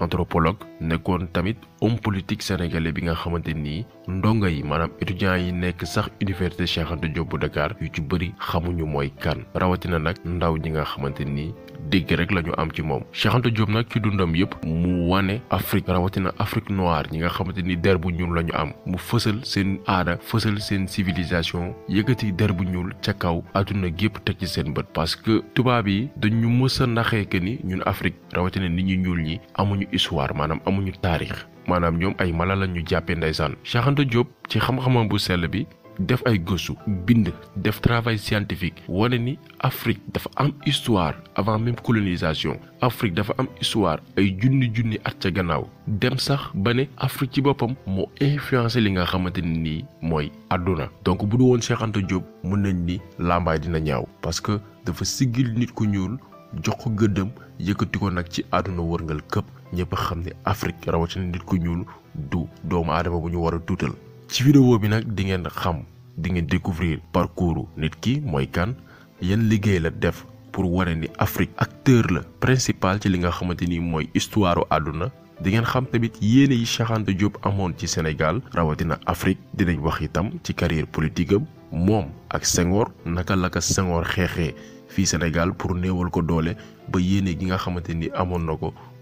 anthropologue nekkoon tamit homme politique sénégalais bi nga xamante nii ndongo yi maanaam étudiants yi nekk sax université Cheikh Anta Diop bu Dakar yu ci bëri xamuñu mooy kan rawatina nag ndaw ñi nga xamante nii dégg rek la ñu am ci moom Cheikh Anta Diop nag ci dundam yëpp mu wane Afrique rawatina Afrique noire ñi nga xamante ni der bu ñuul la ñu am mu fësal seen aada fësal seen civilisation yëkkati der bu ñuul ca kaw àdduna gépp teg ci seen bët parce que tubaab yi dañu mës a naxee ni ñun Afrique rawatina nit ñu ñuul ñi amuñu histoire maanaam amuñu taarix maanaam ñoom ay mala la ñu jàppee ndeysaan Cheikh Anta Diop ci xam-xamam bu sell bi def ay gëstu bind def travail scientifique wane ni Afrique dafa am histoire avant même colonisation Afrique dafa am histoire ay junni junni at ca gannaaw dem sax ba ne Afrique ci boppam moo influencé li nga xamante ne nii mooy àdduna donc bu du woon Cheikh Anta Diop mën nañ ni làmbaay dina ñaaw parce que dafa siggil nit ku ñuul jox ko gëddam yëkkati ko nag ci àdduna wërngal këpp ñepp xam ni afrique rawatina nit ku ñuul du doomu adama bu ñu war a tuutal ci vidéo bi nag di ngeen xam di ngeen découvrir parcours nit ki mooy kan yan liggéey la def pour wane ni afrique acteur la principal ci li nga xamante ni mooy histoire aduna di ngeen xam tamit yéene yi Cheikh Anta Diop amoon ci Sénégal rawatina Afrique dinañ wax itam ci carrière politique am moom ak Senghor naka la ka Senghor xeexee fii Sénégal pour néewal ko doole ba yéene gi nga xamante ni amoon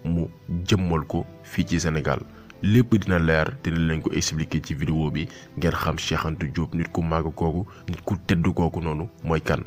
mu jëmmal ko fii ci Sénégal lépp dina leer te dina leen ko expliquer ci vidéo bi ngeen xam Cheikh Anta Diop nit ku màgg kooku nit ku tedd kooku noonu mooy kan.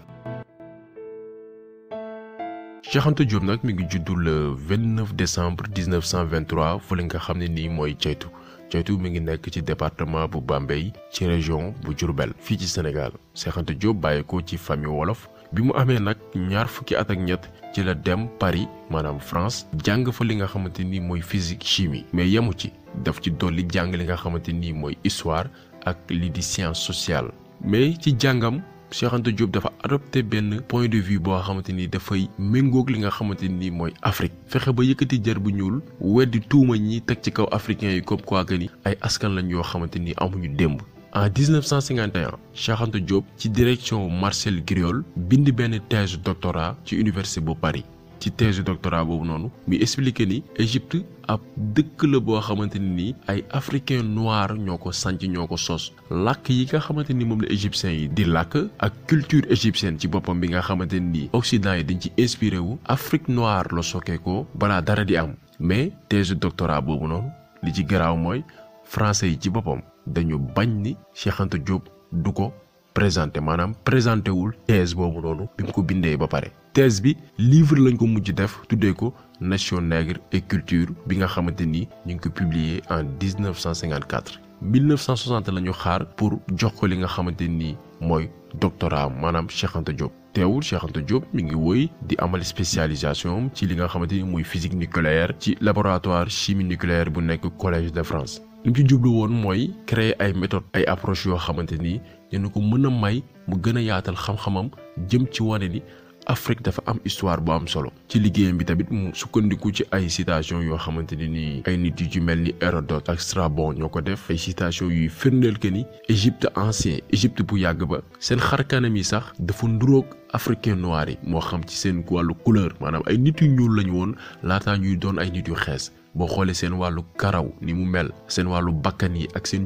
Cheikh Anta Diop nag mi ngi juddu le 29 décembre 1923 fële nga xam ne nii mooy ceytu ceytu mi ngi nekk ci département bu Bambey ci région bu Diourbel fii ci Sénégal Cheikh Anta Diop ko ci famille wolof. bi mu amee nag ñaar fukki at ak ñett ci la dem Paris maanaam France jàng fa li nga xamante ni mooy physique chimie mais yemu ci daf ci dolli jàng li nga xamante ni mooy histoire ak li di science sociale mais ci jàngam Cheikh Anta dafa adopté benn point de vue boo xamante ni dafay méngoog li nga xamante ni mooy Afrique fexe ba yëkkati jër bu ñuul weddi tuuma ñi teg ci kaw africains yi comme quoi que ni ay askan lañ yoo xamante ni amuñu démb. en 1951 Cheikh Anta Diop ci direction Marcel Griol bind ben thèse doctorat ci université de Paris ci thèse doctorat bobu noonu mi expliquer ni Égypte a dekk le bo xamanteni ni ay africains noirs ñoko ko ñoko sos làkk yi nga xamanteni mom moom égyptiens yi di làkk ak culture égyptienne ci bopam bi nga xamanteni ni Occident yi dañ ci inspiré wu Afrique noire lo sokkee ko balaa dara di am mais thèse doctorat bobu noonu li ci graw moy français yi ci bopam. dañu bañ ni Cheikh Anta du ko présente maanaam présenté wul thèse boobu noonu bi mu ko bindee ba pare. thèse bi livre lañ ko mujj def tuddee ko nation nègre et culture bi nga xamante ni ñu ngi ko publier en 1954. 1960 la ñu xaar pour jox ko li nga xamante ni mooy doctorat maanaam Cheikh Anta teewul Cheikh Anta Diop mi ngi woy di amal spécialisation ci li nga xamante ni mooy physique nucléaire ci laboratoire chimie nucléaire bu nekk collège de France. li ci jublu woon mooy créer ay méthode ay approche yoo xamante ni dina ko mën a may mu gën a yaatal xam-xamam jëm ci wane ni Afrique dafa am histoire bu am solo ci liggéeyam bi tamit mu sukkandiku ci ay citation yoo xamante ni ay nit yu ci mel ni Hérodote ak Strabon ñoo ko def ay citation yuy firndeel que ni Égypte ancien Égypte bu yàgg ba seen xarkanam yi sax dafa nduroog africain noir yi moo xam ci seen wàllu couleur maanaam ay nit yu ñuul lañu woon laataa ñuy doon ay nit yu xees bo xolé seen walu karaw ni mu mel seen walu bakani ak seen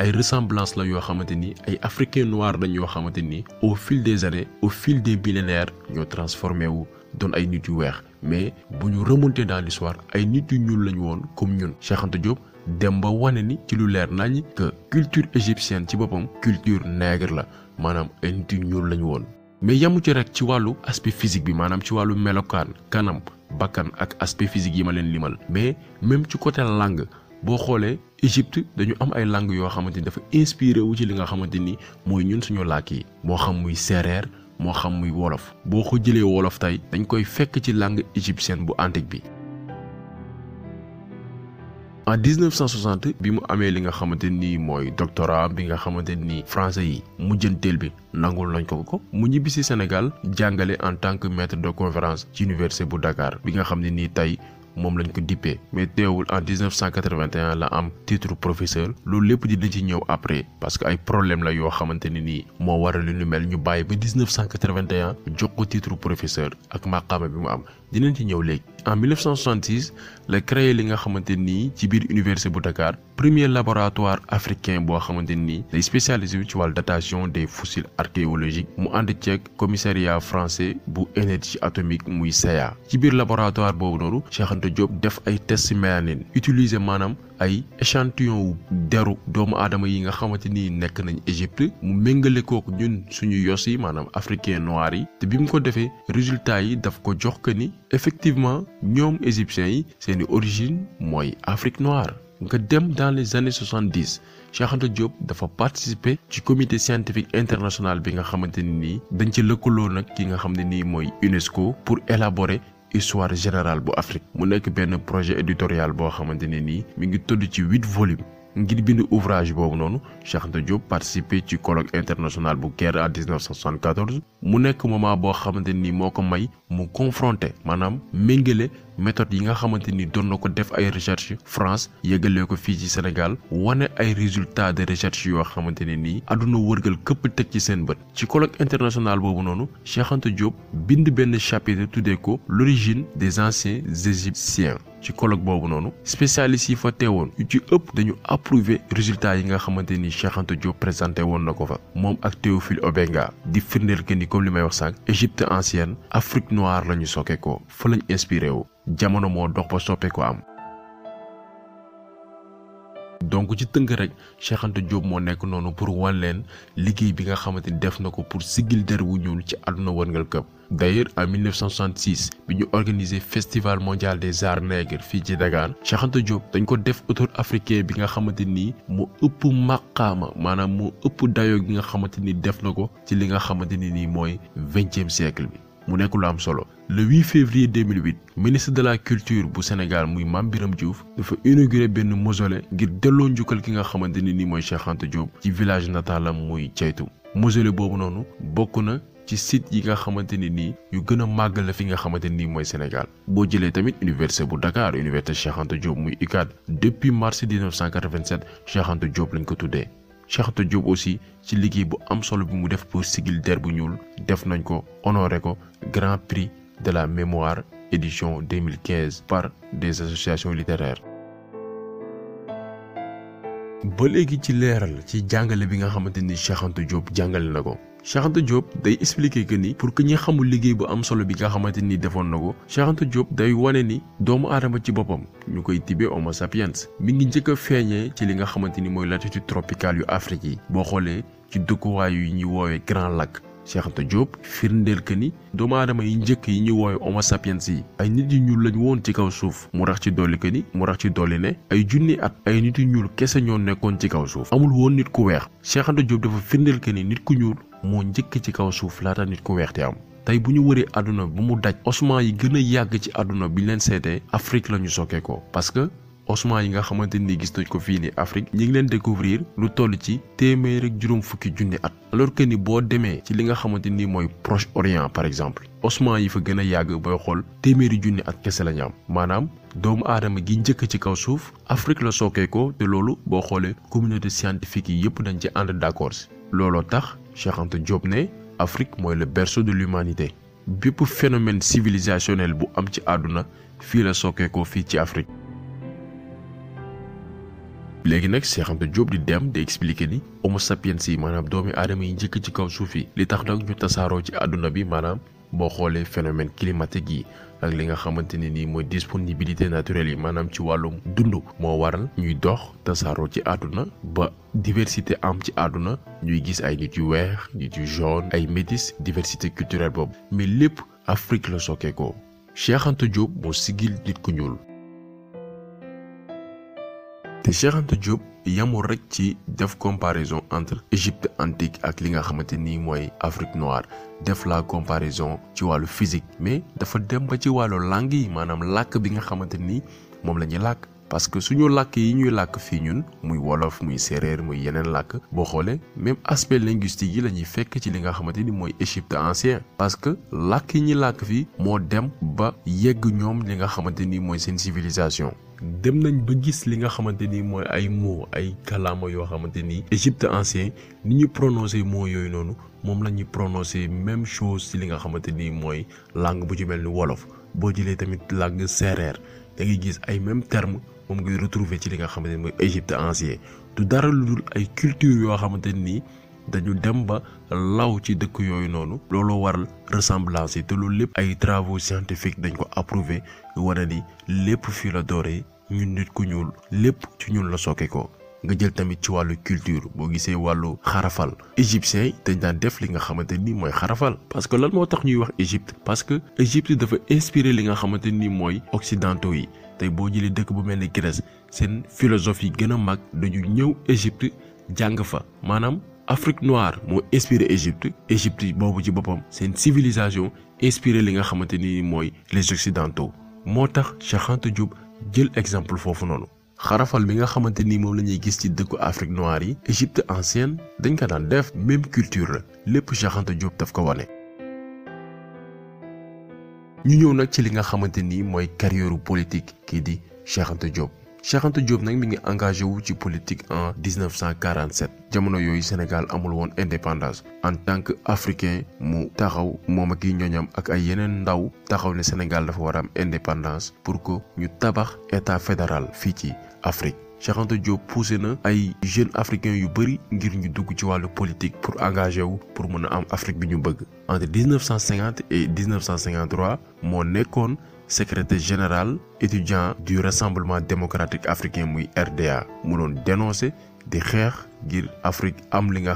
ay la yo xamanteni ay noir dañ yo au fil des années au fil des millénaires ñoo transformé wu don ay nit yu mais si remonter dans l'histoire ay nit yu ñuul lañu comme ñun Cheikh Diop dem ba ni ci lu nañ que culture égyptienne ci culture nègre la Manam ay nit yu de mais yamu ci rek ci aspect physique bi manam ci walu kanam bakkan ak aspect physique yi ma leen limal mais même ci côté langue boo xoolee Égypte dañu am ay langue yoo xamante ni dafa inspiré wu ci li nga xamante ni mooy ñun suñu làkk yi moo xam muy séeréer moo xam muy wolof boo ko jëlee wolof tey dañ koy fekk ci langue égyptienne bu antique bi en 1960 bi mu amee li nga xamante nii mooy doctorat bi nga xamante nii francais yi mujjanteel bi nangul lañ ko ko mu ñibbi si Sénégal jàngale en tant que maître de conférence ci université bu Dakar bi nga xam ne nii tey moom lañ ko dippee mais teewul en la am titre professeur loolu lépp dina ci ñëw après parce que ay problème la yoo xamante ne nii moo waral lu ñu mel ñu bàyyi ba 1981 jox ko titre professeur ak maqaama bi mu am dinañ ci ñëw léegi. en 1966 la créé li nga xamante ci biir université bu Dakar premier laboratoire africain boo xamante nii day spécialisé ci datation des fossiles archéologiques mu ànd ceeg commissariat français bu énergie atomique muy CEA ci biir laboratoire boobu noonu Cheikh Anta Diop def ay tests mélanine utiliser maanaam ay échantillon ou deru doomu aadama yi nga xamante ni nekk nañ Égypte mu méngale kooku ñun suñu yos yi africain noir yi te bi ko résultat yi daf ko jox ni effectivement nyom égyptiens yi seeni origine mooy Afrique noire nga dem dans les années 70 Cheikh Anta Diop dafa participer ci comité scientifique international bi nga xamante ni dañ ci lëkkaloo nag ki nga UNESCO pour élaborer histoire générale bu Afrique mu nek un projet éditorial bo xamanteni ni mi ngi tuddu ci 8 volumes ngir bind ouvrage boobu noonu Cheikh Anta Diop participé ci colloque international bu Caire à 1974 mu nekk moment boo xamante ni moo ko may mu confronté maanaam méngale méthode yi nga xamante ni doon na ko def ay recherche France yëgalee ko fii ci Sénégal wane ay résultats de recherche yoo xamante ni nii àdduna wërgal këpp teg ci seen bët ci colloque international boobu noonu Cheikh Anta Diop bind benn chapitre tuddee ko l'origine des anciens égyptiens ci colloque boobu noonu spécialistes yi fa teewoon yu ci ëpp dañu approuvé résultats yi nga xamante ni Cheikh Anta Diop présenté woon na ko fa moom ak Théophile Obenga di firndeel que ni comme li may wax sànq Égypte ancienne Afrique noire lañu ñu ko fa lañ inspiré wu jamono moo dox ba soppe ko am donc ci tënk rek Cheikh Anta moo nekk noonu pour wan leen liggéey bi nga xamante ni def na ko pour siggil der wu ñuul ci àdduna wërngal këpp d'ailleurs en 1966 bi ñu organisé festival mondial des arts nègres fii ci Dakar Cheikh Anta dañ ko def auteur africain bi nga xamante ni mu ëpp màqaama maanaam mu ëpp dayo gi nga xamante ni def na ko ci li nga xamante ni nii mooy vingtième siècle bi solo le 8 février 2008 ministre de la culture bu Sénégal muy Birame Diouf dafa inaugurer une mausolée ngir delo njukal ki nga xamante ni moy Cheikh Diop ci village natal muy Ceytu mausolée bobu noonu bokk na ci site yi nga ni yu a la fi nga ni Sénégal bo jëlé tamit université bu Dakar université Cheikh Anta Diop muy depuis mars 1987 Cheikh Anta Diop lañ ko Cheikh Anta Diop aussi ci ce bu am solo pour sigil der bu def grand prix de la mémoire édition 2015 par des associations littéraires. ba léegi ci ci bi nga Cheikh Diop Cheikh Anta Diop day expliquer que ni pour que ñi xamul liggéey bu am solo bi nga xamante ni defoon na ko Cheikh Anta Diop day wane ni doomu aadama ci boppam ñu koy tibbee Homo sapiens mi ngi njëkk a feeñee ci li nga xamante ni mooy latitude tropicale yu Afrique yi boo xoolee ci dëkkuwaay yu ñuy woowee Grand Lac. Cheikh Anta Diop firndeel que ni doomu aadama yi njëkk yi ñu woowe homo sapiens yi ay nit ñu ñuul lañ woon ci kaw suuf mu rax ci dolli que ni mu rax ci dolli ne ay junni at ay nit yu ñuul kese ñoo nekkoon ci kaw suuf amul woon nit ku weex Cheikh Anta Diop dafa firndeel que ni nit ku ñuul moo njëkk ci kaw suuf laata nit ku weex di am tey bu ñu wëree àdduna bu mu daj osman yi gën a yàgg ci àdduna bi leen seetee Afrique la ñu sokkee ko parce ossements yi nga xamanteni ni gis nañ ko fii ni Afrique ñi ngi leen découvrir lu toll ci téeméer ak juróom fukki junni at alors que ni boo demee ci li nga xamanteni ni mooy Proche Orient par exemple ossements yi fa gën a yàgg booy xool téeméeri junni at kese la ñu maanaam doomu aadama gi njëkk ci kaw suuf Afrique la sookee ko te loolu boo xoolee communauté scientifique yi yépp dañ ci ànd d'accord si looloo tax Cheikh Anta Diop ne Afrique mooy le berceau de l'humanité bépp phénomène civilisationnel bu am ci àdduna fii la sookee ko fii ci Afrique léegi nag Cheikh Anta Diop di dem di expliquer ni homo sapiens yi maanaam doomi aadama yi njëkk ci kaw suuf yi li tax nag ñu tasaaroo ci àdduna bi maanaam boo xoolee phénomène climatique yi ak li nga xamante ne nii mooy disponibilité naturelle yi maanaam ci wàllum dund moo waral ñuy dox tasaaroo ci àdduna ba diversité am ci àdduna ñuy gis ay nit yu weex nit yu jaune ay métis diversité culturelle boobu mais lépp Afrique la sokkee ko Cheikh Anta Diop moo sigil nit ku ñuul. te Cheikh Anta Diop yamul rek ci def comparaison entre Égypte antique ak li nga xamanteni moy Afrique noire def la comparaison ci walu physique mais dafa dem ba ci walu langue yi maanaam làkk bi nga xamanteni mom lañu la parce que suñu làkk yi ñuy làkk fii ñun muy wolof muy séeréer muy yeneen làkk boo xoolee même aspect linguistique yi la ñuy fekk ci li nga xamante ni égypte ancien parce que làkk yi ñuy làkk fii moo dem ba yegg ñoom li nga xamante ni mooy civilisation dem nañ ba gis li nga xamante ni mooy ay mots ay kalaama yoo xamante ni égypte ancien ni ñu prononcer mots yooyu noonu moom la ñuy prononcé même chose ci li nga xamante ni mooy langue bu ci mel ni wolof boo jëlee tamit langue séeréer da ngay gis ay même terme moom ngay retrouver ci li nga xamanteni moy Égypte ancien du dara lu ay culture yo xamanteni dañu dem ba law ci dëkk yooyu noonu looloo waral ressemblance yi te loolu lépp ay travaux scientifiques dañ ko approuvé wane ni lépp fii la dooree ñun nit ku ñuul lépp ci ñun la sooke ko nga jël tamit ci wàllu culture boo gisee wàllu xarafal égyptien yi dañ daan def li nga xamante ni mooy xarafal parce que lan moo tax ñuy wax Égypte parce que Égypte dafa inspiré li nga xamante ni mooy occidentaux yi tey boo jëlee dëkk bu mel ni Grèce seen philosophe gën a mag dañu ñëw Égypte jàng fa maanaam Afrique noire moo inspiré Égypte Égypte boobu ci boppam seen civilisation inspiré li nga xamante ni mooy les occidentaux moo tax Cheikh Anta jël exemple foofu noonu. xarafal bi nga xamante ni moom la ñuy gis ci dëkku Afrique noire yi Égypte ancienne dañ ko daan def même culture la lépp Cheikh Anta daf ko wane. ñu ñëw nag ci li nga xamante ni mooy carrière politique kii di Cheikh Anta Diop. Cheikh Diop nak mi engagé wu ci politique en 1947 jamono yooyu Sénégal amul won indépendance en tant qu'Africain, il mu taxaw moom ak ak ay ndaw Sénégal dafa wara indépendance pour que ñu tabax état fédéral fi ci Afrique. Cheikh Anta Diop poussé na ay jeunes africains yu faire ngir ñu politique pour engagé wu pour mëna am Afrique bi ñu bëgg entre 1950 et 1953 mon nekkoon secrétaire général étudiant du rassemblement démocratique africain RDA nous dénoncé des xeex ngir Afrique am li nga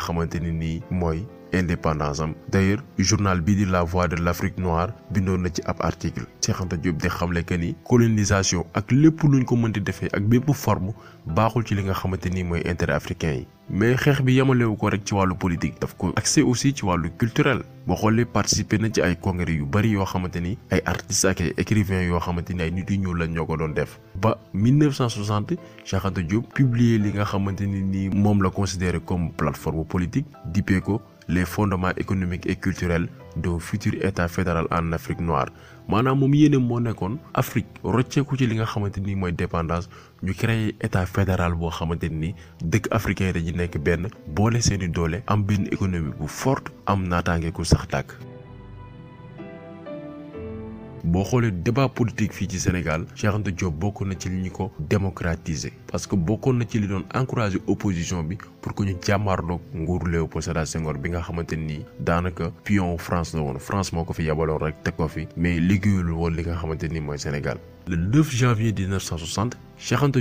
indépendance D'ailleurs, le journal bii di la voix de l'Afrique noire bindoon na ci ab article Cheikh Anta Diop di xamle que ni colonisation ak lépp luñ ko mënti defee ak bépp forme baaxul ci li nga xamante ni mooy intérêt africain yi mais xeex bi wu ko rek ci wàllu politique daf ko accès aussi ci wàllu culturel boo xoolee participer na ci ay congrès yu bari yoo xamante ni ay artistes ak ay écrivains yoo xamante ni ay nit yu ñuul lañ ñoo ko doon def ba 1960 Cheikh Anta Diop publier li nga xamante ni moom la considéré comme plateforme politique dippee ko les fondements économiques et culturels d'un futur état fédéral en Afrique noire Mon moom yéene moo nekkoon Afrique rocceeku ci li nga xamante ni dépendance ñu état fédéral benn am économie bu forte am naataange ku bo xolé débat politique fi ci Sénégal Cheikh Anta Diop bokk na ci li ñiko démocratiser parce que bokkoon na ci li doon encourager opposition bi pour que ñu jàmmaarloog nguuru Léopold Posada Senghor bi nga xamante danaka pion France la woon France moko fi yabaloon rek teg ko fi mais liggéeyul woon li nga xamante moy Sénégal le 9 janvier 1960 Cheikh Anta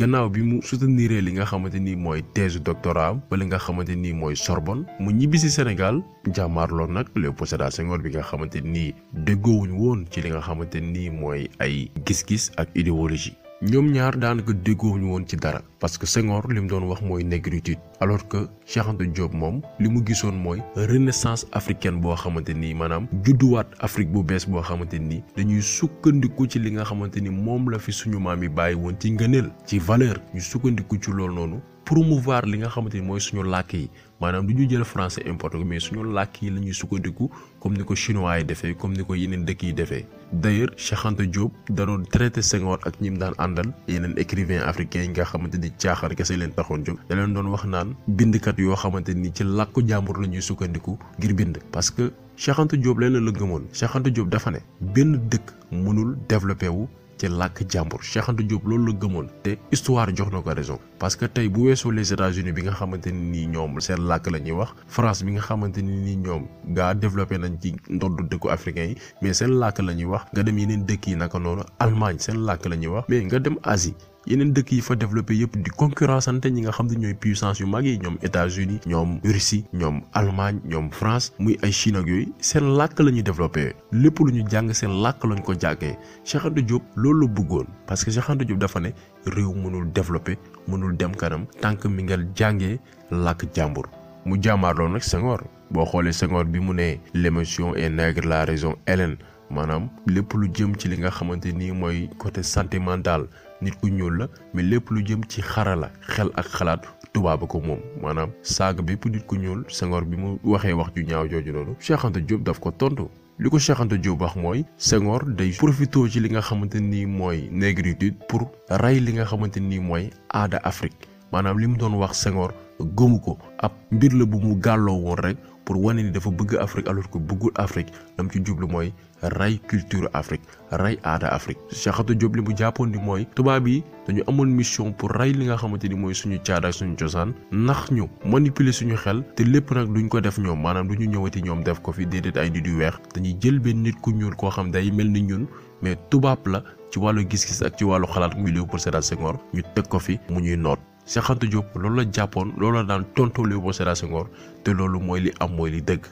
gannaaw bi mu soutenir li nga xamante ni mooy thèse doctorat wala nga xamante ni mooy Sorbonne mu ñibbi si Sénégal jàmmaarloo nag Léopold Sédar Senghor bi nga xamante ni déggoowuñ woon ci li nga xamante ni mooy ay gis-gis ak idéologie ñoom ñaar daanaka déggoowuñu woon ci dara parce que Senghor li mu doon wax mooy négritude alors que Cheikh Anta Diop moom li mu gisoon mooy renaissance africaine boo xamante ni maanaam judduwaat Afrique bu bees boo xamante ni dañuy sukkandiku ci li nga xamante ni moom la fi suñu maam yi bàyyi woon ci ngëneel ci valeur ñu sukkandiku ci loolu noonu promouvoir li nga xamante ni mooy suñu làkk yi maanaam duñu jël français importé ko mais suñu làkk yi la ñuy sukkandiku comme ni ko chinois yi defee comme ni ko yeneen dëkk yi defee. d'ailleurs Cheikh Diop da doon traité Senghor ak ñi mu daan àndal yeneen écrivain africain yi nga xamante ni caaxaan kese leen taxoon jóg da leen doon wax naan bindkat yoo xamante ni ci làkku jàmbur la ñuy sukkandiku ngir bind parce que Cheikh Diop leen la gëmoon Cheikh Diop dafa ne benn dëkk mënul développé wu. ci làkk jàmbur Cheikh Anta Diop loolu la gëmoon te histoire jox na ko raison parce que tey bu weesoo les États-Unis bi nga xamante ni nii ñoom seen làkk la ñuy wax France bi nga xamante ni nii ñoom gaa développé nañ ci ndoddu dëkku africain yi mais seen làkk la ñuy wax nga dem yeneen dëkk yi naka noonu Allemagne seen làkk la ñuy wax mais nga dem Asie Il dëkk yi fa développé yépp di concurrence ante ñi nga xam ne ñooy puissance yu mag yi ñoom États-Unis ñoom Russie ñoom Allemagne ñoom France muy ay Chine ak yooyu seen làkk la ñuy développé lépp lu ñu jàng seen làkk lañ ko jàggee Cheikh nous Diop loolu la bëggoon parce que Cheikh Diop dafa ne réew mënul développé mënul dem kanam tànk mi nga jàngee làkk jàmbur mu Nous nag Senghor boo xoolee Senghor bi mu ne l'émotion est nègre la raison Hélène maanaam lépp lu jëm ci li nga xamante ni mooy côté sentimental nit ku ñuul la mais lépp lu jëm ci xarala xel ak xalaat tubaab a ko moom maanaam saaga bépp nit ku ñuul sengoor bi mu waxee wax ju ñaaw jooju noonu Cheikh Anta Diop daf ko tontu. li ko Cheikh Anta wax mooy sengoor day profité ci li nga xamante ni mooy négritude pour rey li nga xamante ni mooy aada Afrique. manam lim doon wax Senghor gëmu ko ab mbir la bu mu gàlloo woon rek pour wane ni dafa bëgg Afrique alors que bëggul Afrique lam ci jublu mooy ray culture Afrique ray aada Afrique saxatu Anta Diop li mu jàppoon ni mooy tubaab bi dañu amoon mission pour ray li nga xamante ni mooy suñu caada ak suñu cosaan ndax ñu manipuler suñu xel te lépp nag duñ ko def ñoom maanaam du ñu ñëwati ñoom def ko fi déedéet ay nit yu weex dañuy jël benn nit ku ñuul koo xam day mel ni ñun mais tubaab la ci wàllu gis-gis ak ci wàllu xalaat muy Léopold Sédar Senghor ñu teg ko fi mu ñuy noot Cheikh Anta Diop loolu la jàppoon loolu la daan tontoo Léopold Sédar Senghor te loolu mooy li am mooy li dëgg.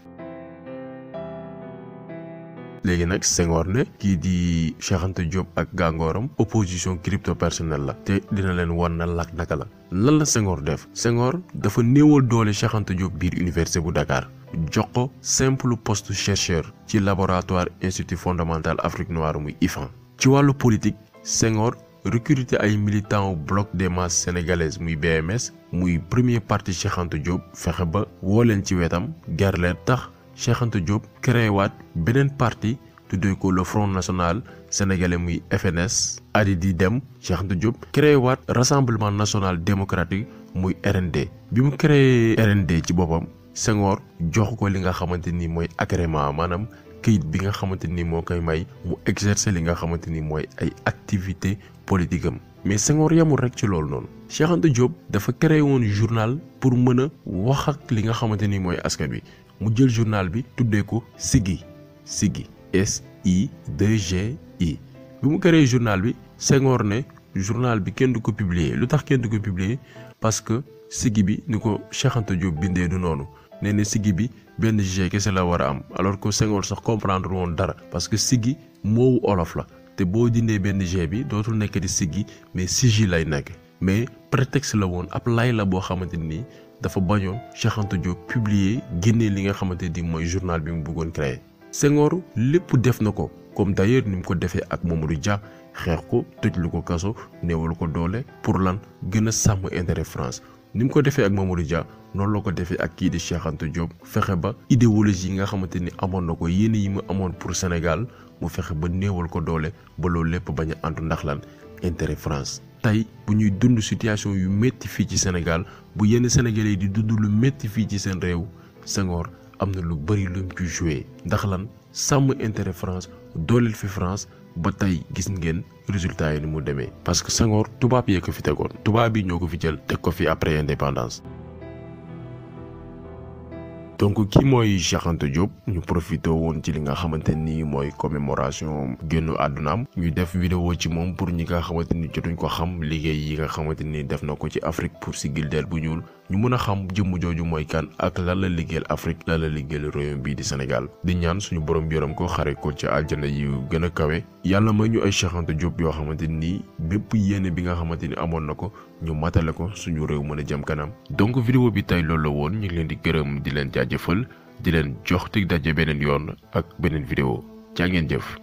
léegi nag Senghor ne kii di cheikhante Diop ak gangoram opposition crypto personnelle la te dina leen wan na lak naka la lan la Senghor def Senghor dafa néewal doole cheikhante Diop biir université bu Dakar jox ko simple poste chercheur ci laboratoire institut fondamental Afrique noire muy IFAN ci wàllu politique Senghor recruter ay militants au bloc des masses sénégalaises muy BMS muy premier parti Cheikh Anta Diop fexe ba woo leen ci wétam ger leen tax Cheikh Anta Diop créé wat benen parti tuddee ko le Front National Sénégalais muy FNS adi di dem Cheikh Anta Diop créé wat Rassemblement National Démocratique muy RND bimu créé RND ci bopam Senghor jox ko li nga xamanteni ni agrément manam kayit bi nga xamante ni moo koy may mu exercer li nga xamante ni mooy ay activité politique am mais Senghor yamul rek ci loolu noonu Cheikh Anta Diop dafa créé woon journal pour mën a wax ak li nga xamante ni mooy askan bi mu jël journal bi tuddee ko Siggi Siggi S I D G I bi mu créé journal bi Senghor ne journal bi kenn du ko publier lu tax kenn du ko publier parce Sigi bi ni ko Cheikh Anta Diop bindee du nonou nee na bi benn G kese la war am alors que Senghor sax comprendre won dara parce que mo moowu olof la té bo dindé ben G bi dotul nek di Sigi mais sigi lay nekk mais prétexte la won ap lay la bo xamante dafa bañoon Cheikh Anta Diop publier guéné li nga xamante ni journal bi mu bëggoon créer Senghor lépp def nako comme d'ailleurs nim ko défé ak Mamadou Dia xeex ko tëj lu ko kaso néewal ko doole pour lan gëna a intérêt France nim ko defee ak Mamadou Dia noonu la ko defee ak kii di Cheikh Anta Diop fexe ba idéologie yi nga xamante ni amoon na ko yéene yi mu amoon pour Sénégal mu fexe ba néewal ko doole ba loolu lépp bañ a antu ndax lan intérêt France. tey bu ñuy dund situation yu métti fii ci Sénégal bu yenn Sénégalais yi di dund lu métti fii ci seen réew Senghor am na lu bëri lu mu ciy joué ndax lan sàmm intérêt France dooleel fi France. ba tey gis ngeen résultat yi ni mu demee parce que Senghor tubaab yee ko fi tegoon tubaab yi ñoo ko fi jël teg ko fi après indépendance donc kii mooy Cheikh Anta ñu profité woon ci li nga xamante ni mooy commémoration génnu àddunaam ñu def vidéo ci moom pour ñi nga xamante ni jotuñ ko xam liggéey yi nga xamante ni def na ko ci Afrique pour si gildeel bu ñuul ñu mën a xam jëmm jooju mooy kan ak lan la liggéeyal Afrique lan la liggéeyal royaume bii di Sénégal di ñaan suñu borom yoram ko xare ko ci aljana yu gën a kawe yàlla may ñu ay Cheikh Anta yoo xamante nii bépp yéene bi nga xamante ni amoon na ko ñu matale ko suñu réew mën a jëm kanam. donc vidéo bi tey loolu la woon ñu ngi leen di gërëm di leen jaajëfal di leen jox tig daje beneen yoon ak beneen vidéo jaa ngeen jëf.